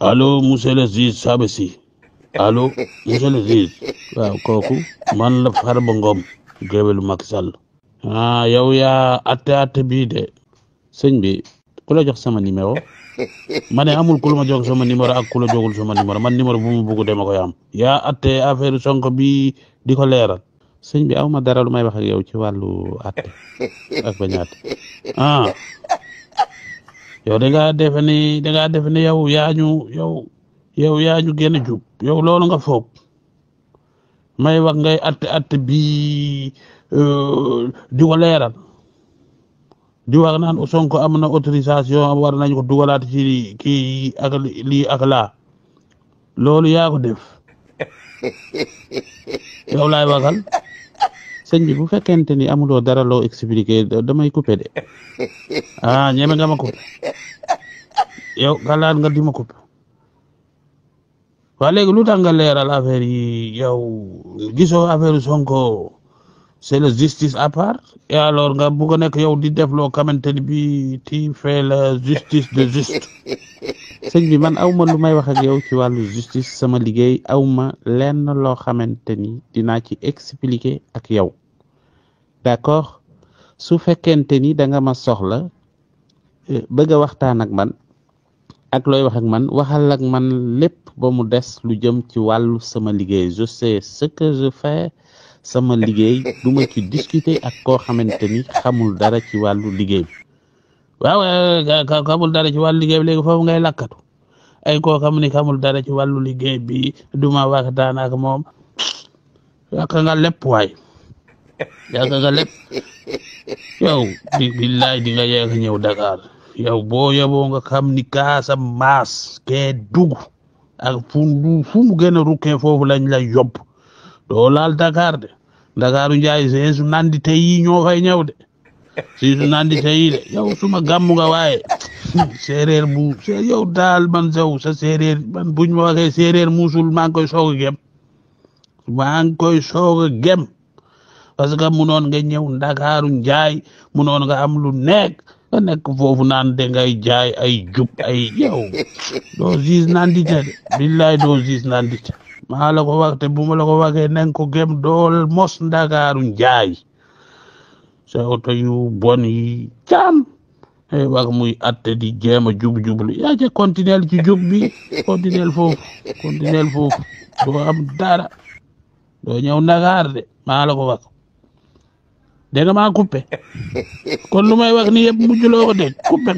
allo monsieur le juge si allo monsieur le juge waaw kooku man la Farba Ngom géwélu Macky Sall ah yow yaa atte atte bii de sëñ bi ku la jox sama numéro mane amul ku la ma jox sama numéro ak ku la joxul sama man numéro bu mu bugg dama koy am yaa atte affaire Sonko bi di ko leeral sëñ bi aw ma dara lu may wax ak yow ci wàllu atte ak bañ atte ah yo danga ngaa defe ne da ngaa defe ne yow yaa ñu yow yaa ñu gën a jub yow loolu nga foog may wax ngay att att bii euh, di leeral di wax naan Sonko am na autorisation war nañ ko dugalaat ci kii ak lii ak laa loolu yaa def yow laay waxal. sëñ bi bu fekkente ni amuloo dara loo expliqué damay coupé de ah ñeme nga ma coupé yow galaat nga di ma coupé waa léegi lu tax nga leeral affaire yi yow gisoo affaire Sonko c'est la justice à part et alors nga bugg nekk yow di def loo xamante ni bi ti fait la justice de juste sëñ bi man awma lu may wax ak yow ci wàllu justice sama liggéey awma lenn loo xamante ni dinaa ci expliquer ak yow d'accord su fekkente ni da nga ma soxla eh, bëgg a waxtaan ak man ak looy wax man waxal ak man lépp ba mu des lu jëm ci wàllu sama liggéey je sais ce que je fais sama liggéey duma ci discuter ak koo xamante ni xamul dara ci wàllu liggéey waaw eh, ka xamul dara ci wàllu liggéey bi léegi foofu ngay lakkatu ay koo xam ni xamul dara ci wàllu liggéey bi duma waxtaan ak moom yàq nga lépp waay yàq nga lépp yow billaay di nga yeex ñëw Dakar boo yeboo nga xam ni kaasa maas kee dugg ak fu fu mu rukkee foofu lañ la yob doo laal Dakar de Dakaru njaay seesu nandite yi ñoo fay ñëw de siitu naan di sayile yow suma gàmmu nga waaye séeréer bu yow daal man sow sa séeréer man buñ ma waxee séeréer muusul maa ngi koy soog a gem maa ngi koy soog a gem parce que munoon nga ñëw ndakaaru njaay munoon nga am lu nekk nga nekk foofu naan de ngay jaay ay jub ay yow doo siis naan de billaay doo siis naan maa la ko bu ma la ko waxee gem dool mos ndakaaru njaay sa oto yu bon yi caam ay eh, wax muy atte di jéem a jub jublu yaa ca continuel ci jub bi continuel foofu continuel foofu doo am dara doo ñëw Ndakaar de maa ko wax dégg nga maa coupé kon lu may wax ni yëpp mujj ko dégg coupé